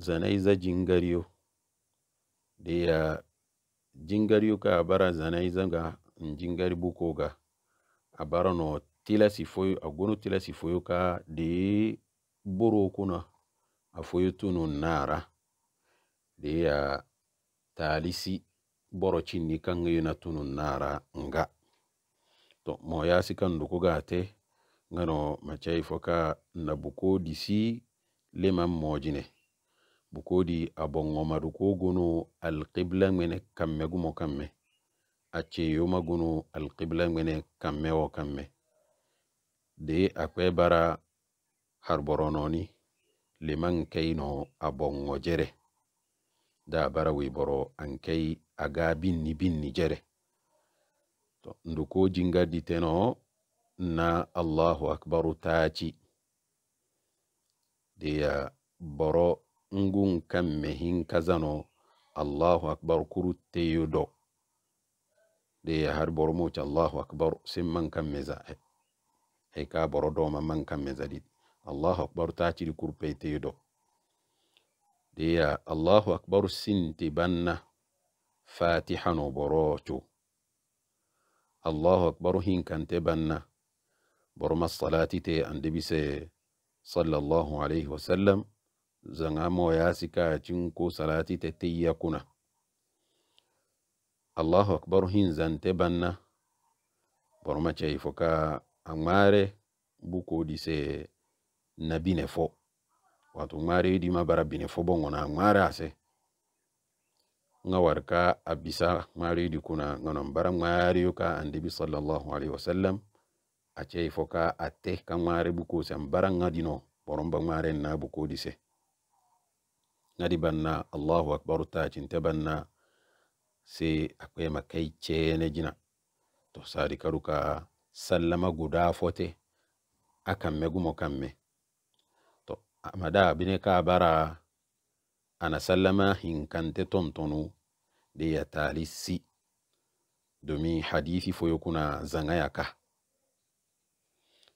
zanaiza jingaryo ya jingaryo ka a bara abara zanaiza nga njingari buko ga bara no tilasi foyo gono tilasi foyo ka de boro kuna foyo tunu nara ya talisi boro cinni kangayo na tunu nara nga to ya si kan duku te ngano macai foka na buko disi leman mojine bu kodi a bongomadu kogono alqibla ŋwene kamme gumo kamme a ceyoma gono alqibla ŋwene kamme wo kamme de a kwe bara harborononi lima nkei no a bongo jere da bara wiboro ankei a ga binni binni jere to ndu ko jinga diteno na allahu akbaru taaci deya boro ngun kamme hin kazano allahu akbar kurutteyo do de har boro moci allahu akbar sim man kamme za e ka boro doma man kamme zaɗiɗ allahu akbar taciri kurpeteyo do deya allahu akbar sinti banna fatihano no allahu akbar hinkante banna برما الصلاة تي أن دبس صلى الله عليه وسلم zanga moya sika ko salati tettiya kuna allahu akbar hin zante banna borma cei fo ka a ŋmare bu se na bine fo wato ŋmare ma bara bine fo bo ŋona a ŋmare ase ŋa war ka a bisa ŋmare yidi kuna ŋanon bara ŋmare yo ka andibi sallallahu alaihi wasallam a cei fo ka a te ka ŋmare bu kose an bara ŋa dino boron ba ŋmaren na bu kodi se ngadibanna allahu akbaru tacinte banna se akwema kai cene jina to sari karuka sallama guda fote akamme gumo kamme to amada bine ka bara ana sallama hinkante tontonu de yatali si domi hadisi foyo kuna zangayaka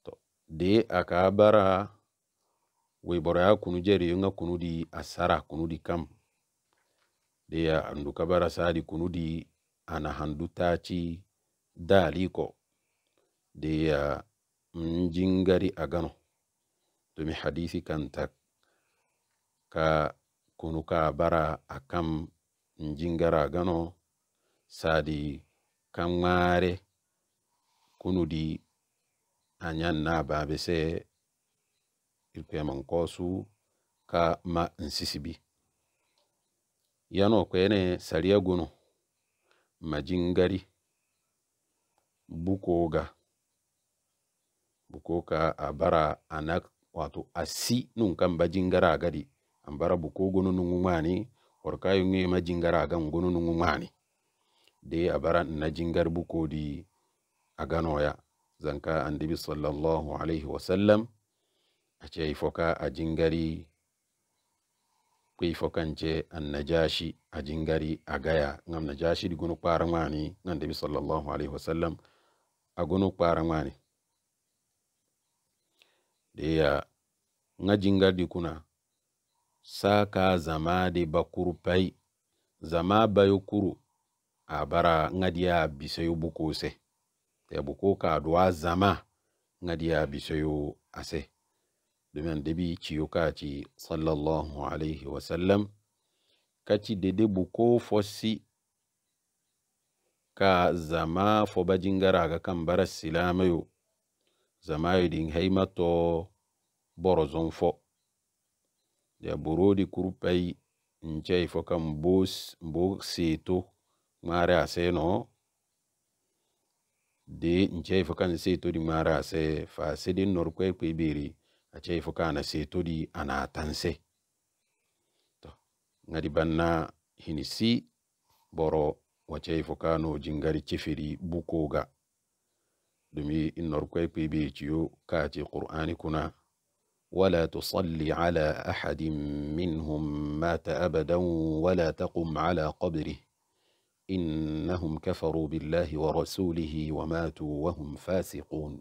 to de aka bara waibaraya kunu jeri yunga kunu di asara kunu di kam deya andu kabara sadi kunu di ana handu taci daliko deya mjingari agano tumi hadisi kanta ka kunu ka bara akam mjingara agano sadi kamare kunu di anyan na babese ilkuyaman kosu ka ma nsisibi yano kwene sariya gono majingari bukoga bukoka a bara anak wato asi nun kan bajingara gadi an bara buko gunu nungumani mani horkayo ngi majingara gan gunu nungumani de a bara na jingar buko di a ganoya zanka andibi sallallahu alaihi wasallam a ace ifoka a jingari kwi fokance annajashi a jingari a gaya ngam najashi di gunu kpara ngani ngan debi sallallahu alaihi wasallam a gunu kpara ngani ya nga jingar di kuna saka zama de bakuru pai zama bayo kuru a bara nga diya buku se ya buku ka duwa zama nga diya bisayo ase domin annabi ciyoka ci sallallahu alaihi wasallam kati dede buko fosi ka zama gara ga kan bara silamayo zama din haimato borozon fo ya burodi kurpai nce ifo kan bo seto a ase no de ce ifo kan seto di mara ase fa sedin norkwe kpebiri ace na ana setodi ana tanse to ngadi banna hini si boro wace ifoka no jingari cifiri bukoga dumi innorkoy kwibe ciyo kati qur'ani kuna ولا تصلي على أحد منهم مات أبدا ولا تقم على قبره إنهم كفروا بالله ورسوله وماتوا وهم فاسقون